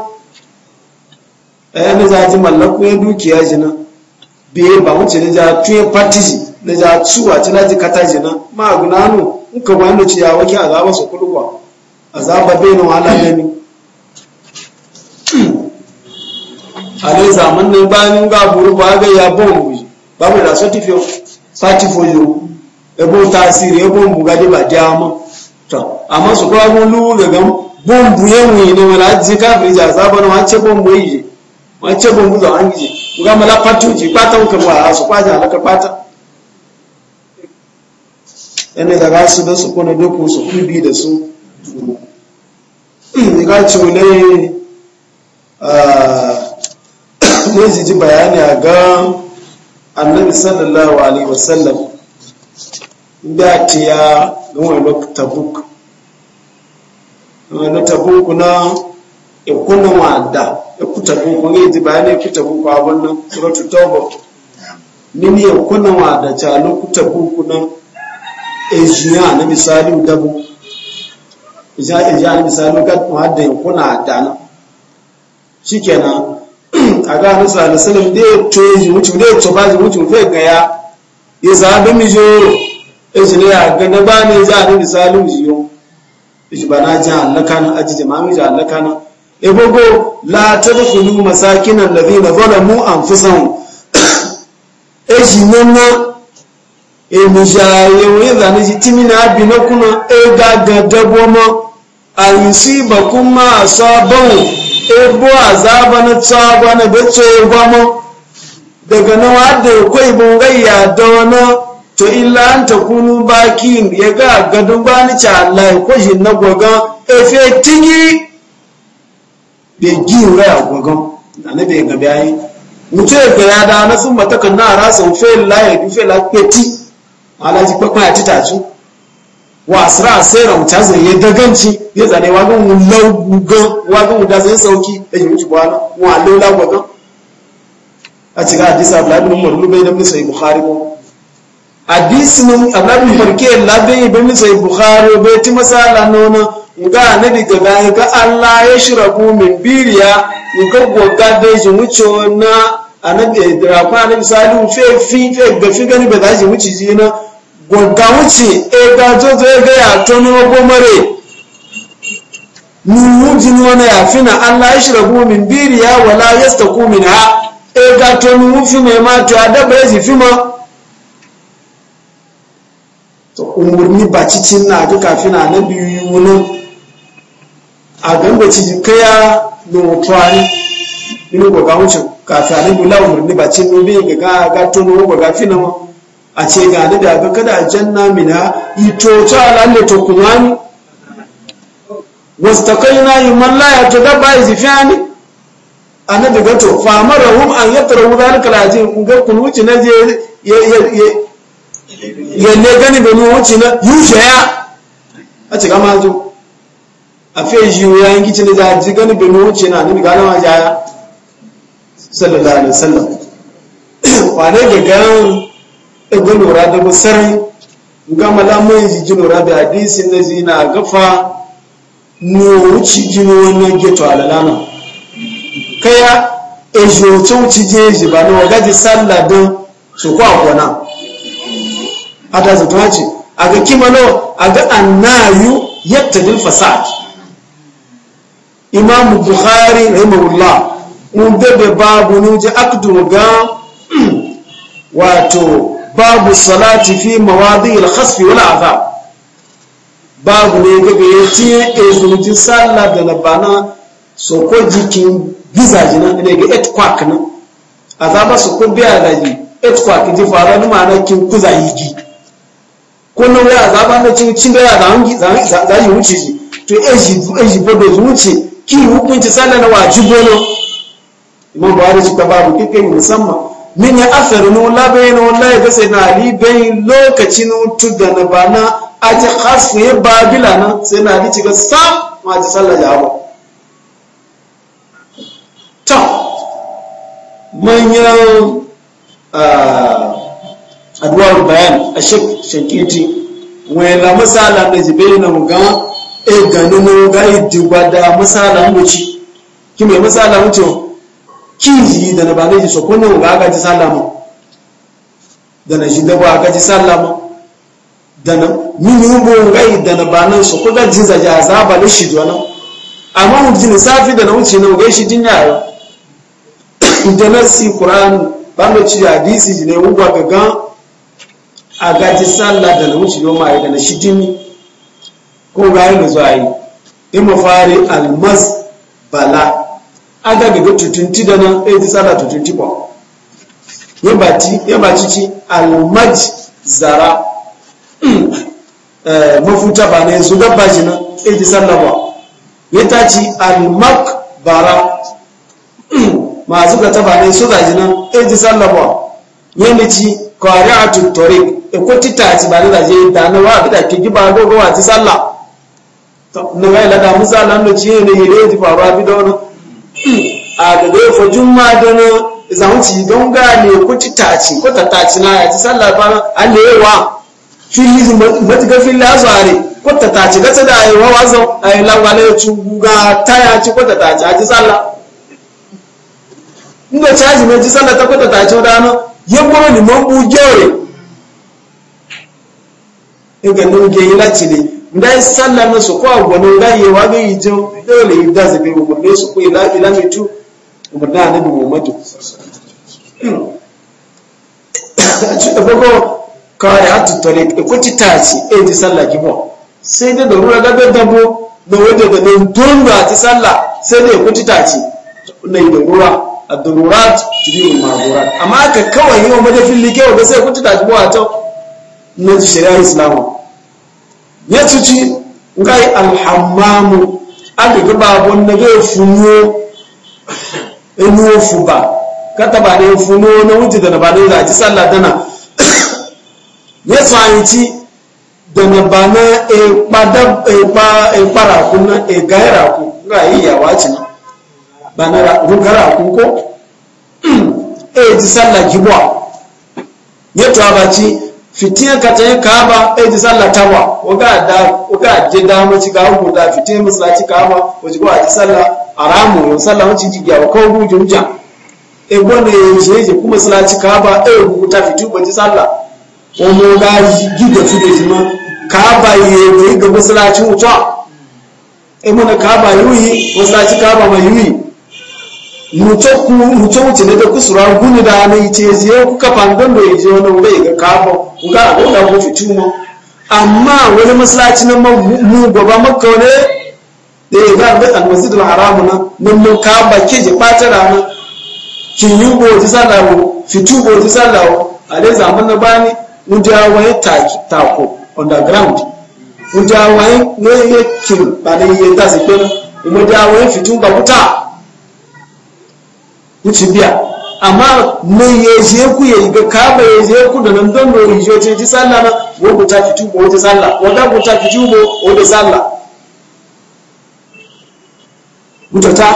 إن زاتي ملك يدوك يا جنا biye na ja tuye na ja tsuwa ci laji kata jina ale zaman ne bani nga buru baga ya bombu babu da certificate certificate ebo tasiri ebo ba bajama to amma su kwa lu ga gam bombu yenwe ne wala jika frija zaba na wace bombu yije wace bombu za angije nga mala patuji ka ukamwa su kwa ja alaka pata ene daga su da su kona doko su kubi da su ga ci wale da ji bayani a ga annabi sallallahu alaihi wasallam da ta ya wani tabuk wani tabuk na ikuna wada ku tabuk ne ji bayani ku tabuk a wannan suratu tauba ni ne ikuna wada ta lokuta tabuk na ejiya na misali dabu ejiya na misali ga wada ikuna adana shikenan aga hannun sa da salim da ya toji wuce da ya gaya ya zaɓi mi ya shi ne a gana ba ne za a nufi salim ji yau ya shi ba na ji hallaka na aji jama'a hallaka na ya gogo la ta da kulu masakinan da zai na zola mu an fi san ya shi na ya mi shi a zane shi timi na abi na kuna ya gaga dabo ma a yi si ba kuma a sabon ebo azaba na tsagwa na bace gwamo daga na wadda ya kwai bungai ya wani to illa an ta kunu baki ya ga gadon bani ci Allah ya kwashi na gwaga efe tigi bai giyu rai a gwagan na na bai gabi ayi mutu ya gaya da na sun mataka na rasa ofe la ya dufe la peti alaji kwakwa ya titacu wasra sai rauta zai ya daganci ya zane wagon wulau gugan wagon guda zai sauki da yi wuce bwana wa lola gwagan a cikin hadisi abdullahi bin umar lubai da bin sahih bukhari ko hadisi nan abdullahi bin farke labai bin sahih bukhari bai ti masala nona ga annabi ga ga ga Allah ya shirabu min biriya ga gwaga da ji wuce na annabi da rafa annabi salihu fe fi fe ga fi gani ba za ji wuce ji gọ̀gá wúchì ẹgbà tó tó ẹgbẹ́ àtọ́ ní ọgbọ́ mẹ́rẹ̀ nùhú jí fi na aláìṣìrẹ̀kú mi bírí ya wà láyẹ́sìtẹ̀kú mi ha ẹgbà tó ní wú fi mẹ́ máa tó adábẹ̀rẹ̀ fi mọ́ umarni ba cikin na duka fina na biyu yi wunin a gamba ci kaya da mutuwani ni gọ̀gá wúchì kàfẹ́ àníbi láwọn umarni ba cikin ní bí fi na a ce ga ni da ga kada janna mina ito ta lalle to kumani wastaqaina man la yatadabba izfani annabi ga to fa marahum an yatrahu zalika lajin ga wuce na je ya ne gani da mu wuce na yushe ya a ce ga ma zo a fe ji ya yi kicin ne da ji gani da mu wuce na ni ga alama jaya sallallahu alaihi wasallam wane ga gan ebe lura da sarai ga malamai ji ji lura da hadisi na zina na gafa no ci ji wannan geto alalana kaya ejo to ci je ji ba no ga ji sallah don su kwa kona hada su ta ce a ga kimano a ga annayu yattadil fasad imam bukhari rahimahullah mun da babu ni ji akdu ga wato babu salati fi mawadi al-khasfi wal azab babu ne gaga ya tiye ezumti salla da labana so ko jikin gizaji na ne ga et kwak na azaba so ko biya da ji et kwak ji fara ni mana kin kuza yigi kullu ya azaba na cin cin da ya da hangi za yi wuce ji to eji eji bodo wuce ki hukunci sallah na wajibono imam buhari shi ta babu kike musamman min ya asar nu labai nu lai ga sai na ali bai lokaci nu tudda na bana a ji khasu ya babila na sai na ali ciga sam ma ji sallah ya ba to manyan ah, adwar bayan a shek shakiti wai la misala na jibe na muga e ganu mu ga idibada e misala mu ci ki mai misala mu ci kinzi da na bane ji sokono ga aka ji sallama da na da ba aka ji sallama da na mini ubo ngai da na bane kuka ji zaje a zaba ba shi dona amma mu ji safi da na wuce na wuce shi jin ya da na si kuran ba mu ci hadisi ji ne ubo ga ga a ji sallah da na wuce yoma ma da na shi jini ko ga yi da zuwa yi imafari almas bala aga gaga tutunti da nan ɗaya eh, ta tsada tutunti ba ya baci ci almaj zara eh, mafuta ba ne su dabba shi nan ɗaya eh, ta tsada ba ya ta ci almak bara masu gata ba ne su zaji nan ɗaya ta tsada ba ya mace kwari a tuttori ko tita ci ba ne zaje da na wa da ke giba gogowa ci sallah na ga ila da musa nan da ciye ne hire ji faruwa bi da wani a daga yau fajin ma madana zaunci don gane ko ti taci ko ta taci na ya ci sallah ba an da yawa fili matuka fili azu are ko ta taci gata da yi wa wazo ayi ya ci guga ta ya ci ko ta taci a ci sallah ndo caji mai ci sallah ta ko ta taci ya yabbaro liman bugewar ne ga nuge yi lati ne ndai sallah na su ko agwani ngai yawa ga yi jin dole yi be bai ne su ko ila ila mai tu umarna ne nabi muhammadu a ci da bago kawai a tuttare ko ci e ji sallah ki mo sai dai da ruwa da dabo da wajen da nan don ba ci sallah sai dai ko ci taci na yi da ruwa a dururat ma magurat amma ka kawai yi wa madafin likewa ba sai ko ti ta ba a ta ne ji shari'ar islamu ya ci ci ngai alhammamu aga babon na ga funyo enu fuba kata ba ne funo na wuce da na ba ne za ci sallah dana ya ci da na ba na ekpara e e ku na egaira ku ga yi yawa ci na ba na rugara ku ko e ji sallah jibwa ya tuwa ba ci fitiyan ka tayin kaba e ji sallah tawa waga da waga je da mu ci ga ku da fitiyan musallaci kaba waje ko a ji sallah aramu yo sallah wuci ji ga ko bu jumja e bone je je kuma sallaci kaba e ku ta fitu ba ji sallah o mo ga ji da su da jima kaba ye ga ga musallaci wuta e mo na kaba yuyi musallaci kaba mai yuyi muco wuce ne kusura guni da na ice ziye kuka fangon da yaje wani wuri ga ga abin da ku fitu mu amma wani masallaci na mu gaba makka ne da ya ga da almasjid al-haram na nan mun ka bakke je fata rana kin yi goji sallawo fitu goji sallawo a dai zaman na bani mun ja wani taki tako underground mun ja wani ne yake kin ba ne ya tasi kuma mun ja wani fitu ga wuta wuce biya amma mun ya je ku ya yi kama ya ku da nan don mai ji sallah na ko ku ta fitu ko wata sallah ko da ku ta fitu ko sallah mutata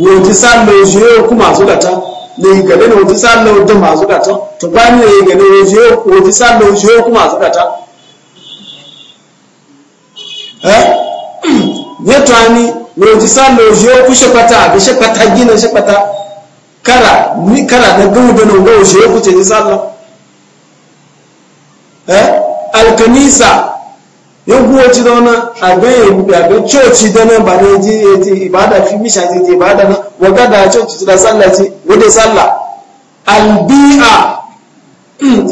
wata sallah ya je ku masu gata ne yi gane na wata sallah wata masu gata to ba ni yi gane ya sallah ya masu gata eh ne to ani wata sallah ya ku shakata da shakata gina kara ni kara na gawo da nan gawo shi ya kuce ni sallah eh alkanisa ya guwa ci da wani abin ya abin coci da nan ba ne ji ya ibada fi misha ce ce ibada nan waga da coci da sallah ce wadda sallah albi'a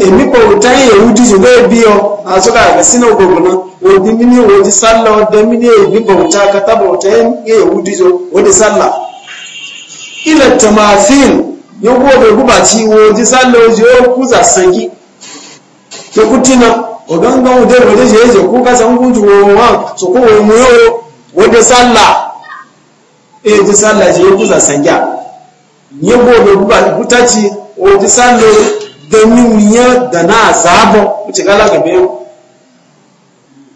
èmi kò wò táyé yahudi ṣùgbọ́n ẹbí ọ àtúkà àgbẹ̀ sínú ògògùn náà òdi mi ní òdi sálà mi ní èmi kò wò tá a kátàbọ̀ táyé yahudi ṣùgbọ́n òdi sálà. ila tamathil yokuwobe kubachi woji saloji okuza sangi yokutina oganga udebele jeje kukasa ngunju wowa sokowe muyo wode salla eje salla je yokuza sangya yokuwobe kutachi woji saloji gani wuya da na azabo wuce gala gabe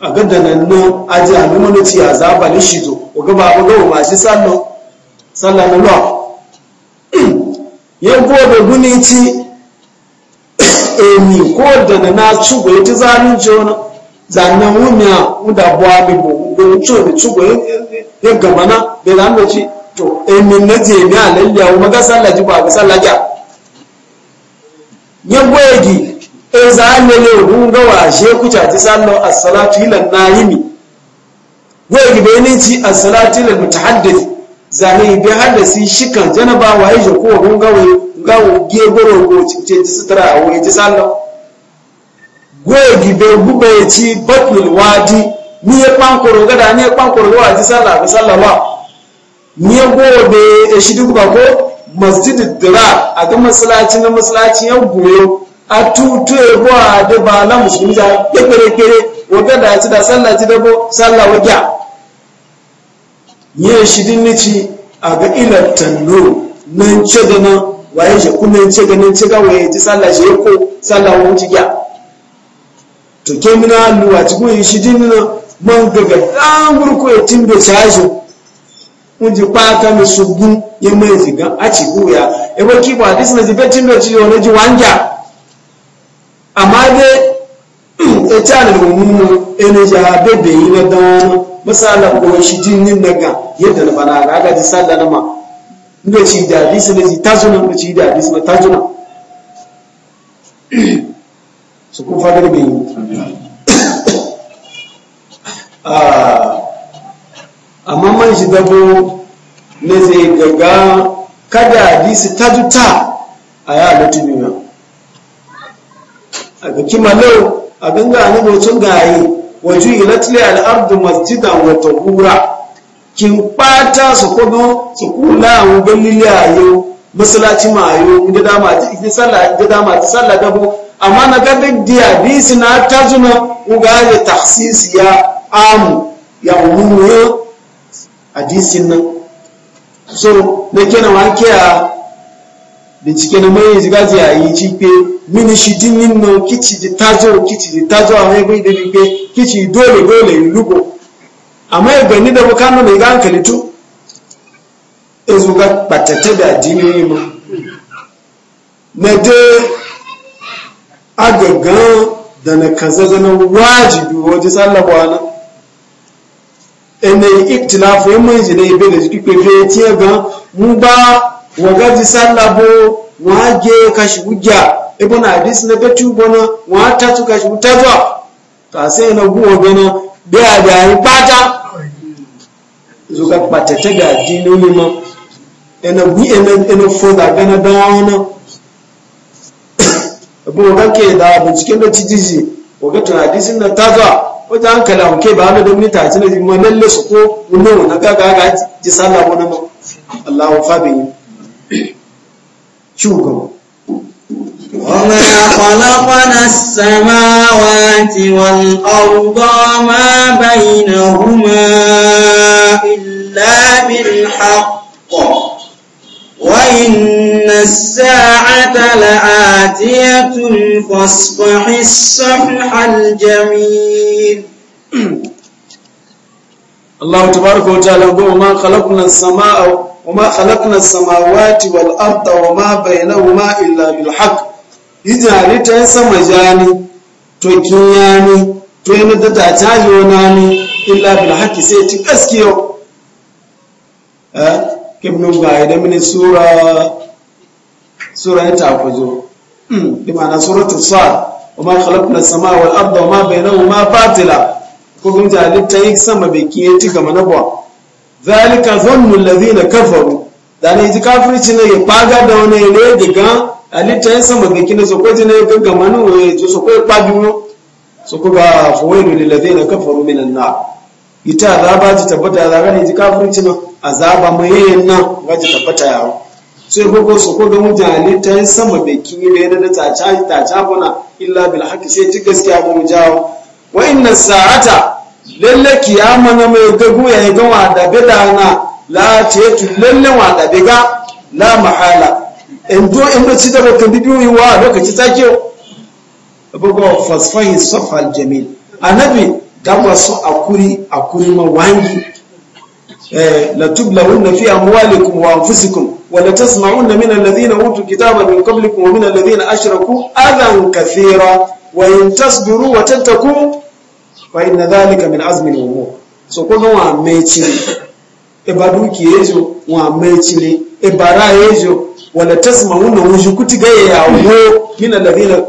a ga da nan nan aji a nuna ci azaba ne shi to ko ga babu ga ma shi sallo sallan Allah ya gobe guni ci emi ko da na na tsugo ya ti zanin ci wani zanen wumiya wuda buwa mi bo gobe tso mi tsugo ya gama na bai zan da ci to emi na je mi a lalliya wa maga sallaji ba ga sallaja ya gi e zanele hunga wa she kuca ti sallo a salatu ilan na ila nayimi goyegi bai ne ci a salatu ilan mutahaddith zane bi hada si shikan ba wa yi ko wa gawe gawo ge goro go cike ti sutra wa yi sallo gogi be bube ci batul wadi ni e pankoro gada ni e pankoro wa ti sala bi sala wa ni e go be e shidu ba ko masjid dira a ga masallaci na masallaci ya goyo a tutu e bo a de ba la musulmi ja kekere kere wo gada ti da sallah ti da bo sallah wa yin shidin nici a ga ilar tanno nan ce da nan waye shi kunan ce ga nan ce ga waye ji sallah shi ko sallah won ji ya to ke mina luwa ci gun shidin nan man gaga dan gurko ya timbe chajo mun ji pata mi sugun ya mai ziga a ci guya e ba ki ba dis na ji betin da ci yo ji wanja amma dai e ta da mu mu ene ja bebe yi na dan misalan ko shi jinnin daga yadda na bana ga ji sallah na ma inda ci da hadisi ne ci tazuna inda ci da hadisi ba tazuna su kun fadar bai ah, amma man shi dabo ne zai gaga kada hadisi tazuta a yi halittu ne a ga kima lau a ganga a nan mutum ga yi waju ilatile al'ardu masjida wa tahura kin pata su kudu su kula a galile ayo masallaci ma ayo da dama ji sallah da sallah da bo amma na ga duk dia bisi na tajuna uga ya takhsis ya amu ya umumu hadisin nan so ne kenan wa kiya bincike na mai ji gaji a yi ci pe mini shi dinin no kici ji tazo kici ji tazo a mai bai da bi pe kici dole dole yi lugo amma ya gani da bukano mai ga hankali to e zo ga batata da addini ma na de agagan da na kaza zana wajibi wajen tsallawa e na ene iktilafu yin e mai ji na ibe da jiki pe fe tiye ga mu ba wagaji sallabo wage kashi wujja ibn hadis na betu bona wa tatu kashi tazwa? ka na guwa gana be a da yi bata zuka patata ga dino ne ma ena bu ena ena foda gana da wana abu ga ke da binciken da tijiji waga to hadisin na tatwa wata hankali hanke ba na domin ta ci na jimma lalle su ko wani wani gaga ga ji sallabo na ma Allahu fabin shugo وما خلقنا السماوات والأرض ما بينهما إلا بالحق وإن الساعة لآتية فاصفح الصفح الجميل الله تبارك وتعالى وما خلقنا السماء kuma khalaqna as-samawati wal-ardha wama baynahuma illa bil-haqq idari ta sama jani to kinyani to yana da ta tajo nani illa bil-haqq sai ti askiyo ha kibnu bai da min zalika zannu allazina kafaru da ne ji kafirci ne ya paga da wani ne ga alita ya sama ga ko sokoi ji ne ya gaggama ne ya ji sokoi kwabiyo su kuga fawailu lillazina kafaru minan nar ita azaba ji tabbata azaba ne ji kafirci ne azaba mai yin nan ga ji tabbata so ko ko su ko ga mutane ta yi sama bai ne da ta ta ta ta bana illa bil haqqi sai ji gaskiya mu jawo wa inna sa'ata lalle kiyama na mai gagu ya yi gawa da bida na la ce tetu lalle wa da biga la mahala in do in da ci da baka yi wa lokaci sake bugo fasfahi safal jamil annabi gama su akuri akuri ma wangi eh la tublawunna fi amwalikum wa anfusikum wa la tasma'unna min alladhina utu kitaba min qablikum wa min alladhina ashraku adan kathira wa in tasbiru wa tattaqu fa inna dhalika min azmi al-umur so ko wa meci e ba duki wa meci ne e bara yezo wala tasma'una wuju kutiga ya wo min alladhina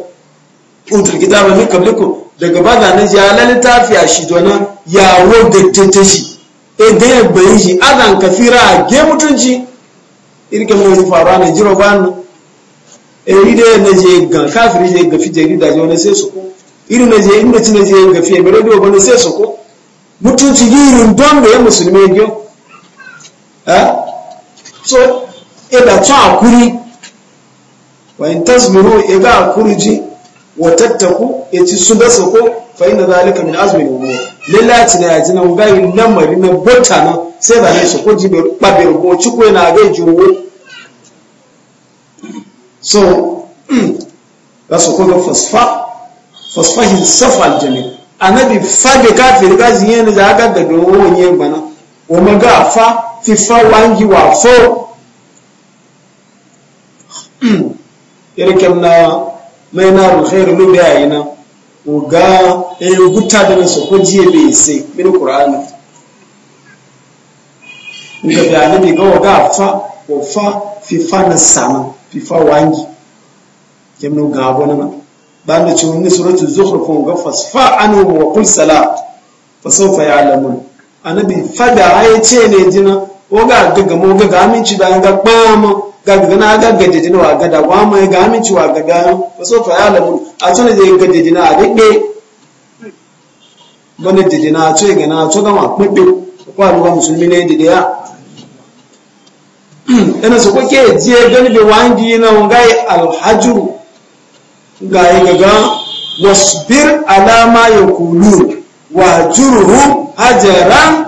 utul kitaba min qablikum daga bada na jalal tafiya shi dona e ya wo da teteshi e da ya bayi shi adan kafira ge mutunci irke mu fara ne jiro ban e irin na je inda cin je ga fiye mai rabiwa wani sai su ko mutunci irin don da ya musulmi gyo so e da akuri wa in tasbiru e akuri ji wa tattaku e ci su da su ko fa inna zalika min azmi al-umur na la na wa nan lamari na bota na sai da ne su ko ji be babe ko ci ko na ga jiwo so da su ko ga fasfa fasfahin safal jami anabi fage kafiri ka zinye ne za ga daga o maga fa fi fa wangi wa fo na mai na lu da yana o ga e guta da so ko jiye be se min qur'ani ga da ga ga fa o fa fi fa na fi fa wangi kemno ga bona banda ci wani suratu zuhur ko ga fasfa anhu wa qul salam fa sawfa ya'lamun annabi fada ya ce ne jina ko ga ga daga mo ga gaminci da ga gbama ga daga na ga jina wa ga da gwama ga gaminci wa ga ga fa sawfa ya'lamun a tuna je gajeje na da ke bane jeje na to ga na to ga ma pepe ko aluwa musulmi ne dide ya ina so ko ke je gani be wangi na ngai alhajru ga yi gaga wasbir alama ya kulu wa juruhu hajara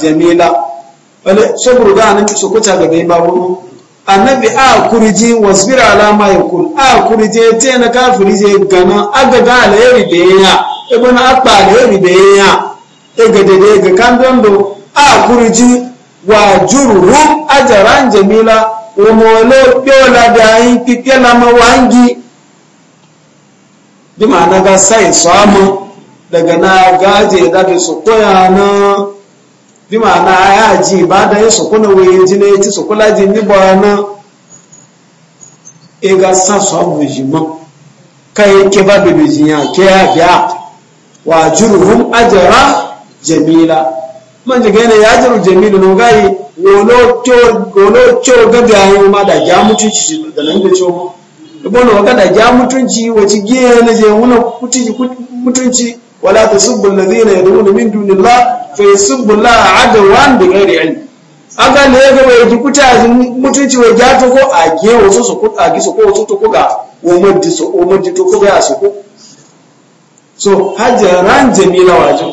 jamila wani shaburu ga nan su kuta ga bai babu annabi a kurji wasbir alama ya kulu a kurje te na kafiri je gana agaga alayri da yaya e na akpa alayri da yaya egadede ga e kandondo a kurji wa juruhu ajaran jamila umolo piola da yin pipela mawangi bi na ga sai samu daga na ga da bi su koya na bi ma'ana ya ji ba da ya su na wayin ji ne ci su kula ji ni ba na e ga sa samu ji mu kai ke ba ya ke biya wa juruhum ajra jamila man ji gane ya juru jamilu no gai wolo cho wolo cho ga da yi ma da ja mutunci da ibn wakada ja mutunci wace giya na je wuna mutunci wala ta tasubbu alladhina yad'una min dunillah fa yasubbu allaha adawan bi ghairi ilm aga ne ga bai jikuta mutunci wa jato ko a ge wasu su kuka gi su ko wasu to kuka o muddi su o muddi to kuka su ko so hajaran jamila wajo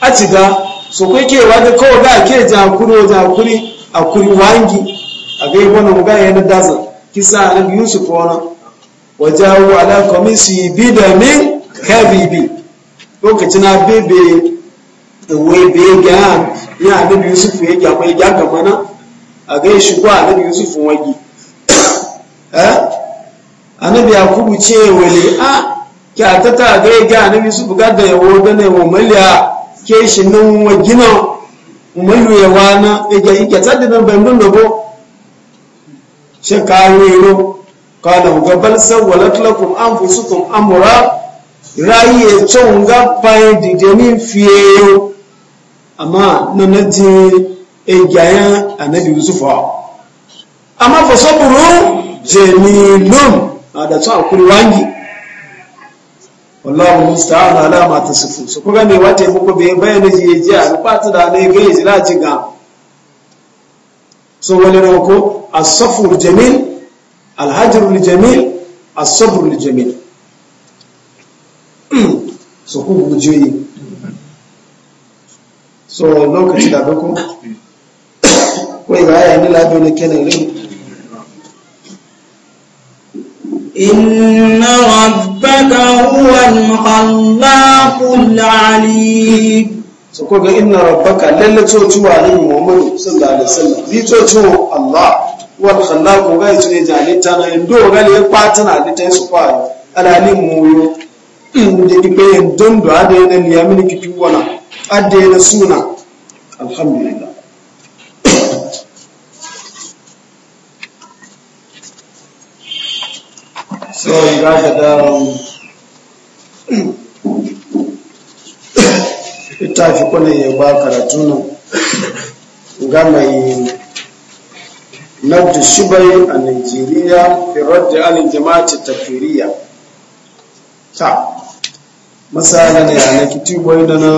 a ciga su kai ke waje ko ga ke jakuro jakuri akuri wangi a ga ibn mu ga yana dazan kisa annabi yusuf wannan wajawo ala komisi bi da min kabibi lokacin na bebe a yusuf ya gyakwa ya gyaka mana a ga ya shigo anabi yusuf wagi anabi ce wale a kyata ta ga ya ga anabi yusuf ga da yawo da ne wa maliya ke shi kala ga bal sawwalat lakum anfusukum amra rayiye chonga pai didemi fiye amma nanaji a anabi yusuf amma fa saburu jamilun ada to akuri wangi wallahi musta'an ala ma tasifu so kuga me wate ko be bayani je je a pata da ne ga izra ga. so wale ko asafur jamil alhajiru lijamil asabru lijamil so ku so lokaci da doko kai ga ya ni lado kenan rin inna rabbaka huwal khallaqul alim so ko ga inna rabbaka lalle to muhammadu sallallahu alaihi wasallam bi to Allah wal ko ga yace ne jalita na ndo ga ya pata na da yi su kwa alali muyo inda ibe don do ade na ni amini kitu wala ade na suna alhamdulillah so you um, guys are down littafi kwanan ya ba karatu nan ga mai nabdu shubai a nigeria fi radda alin jama'ati tafiriya ta misali ne a na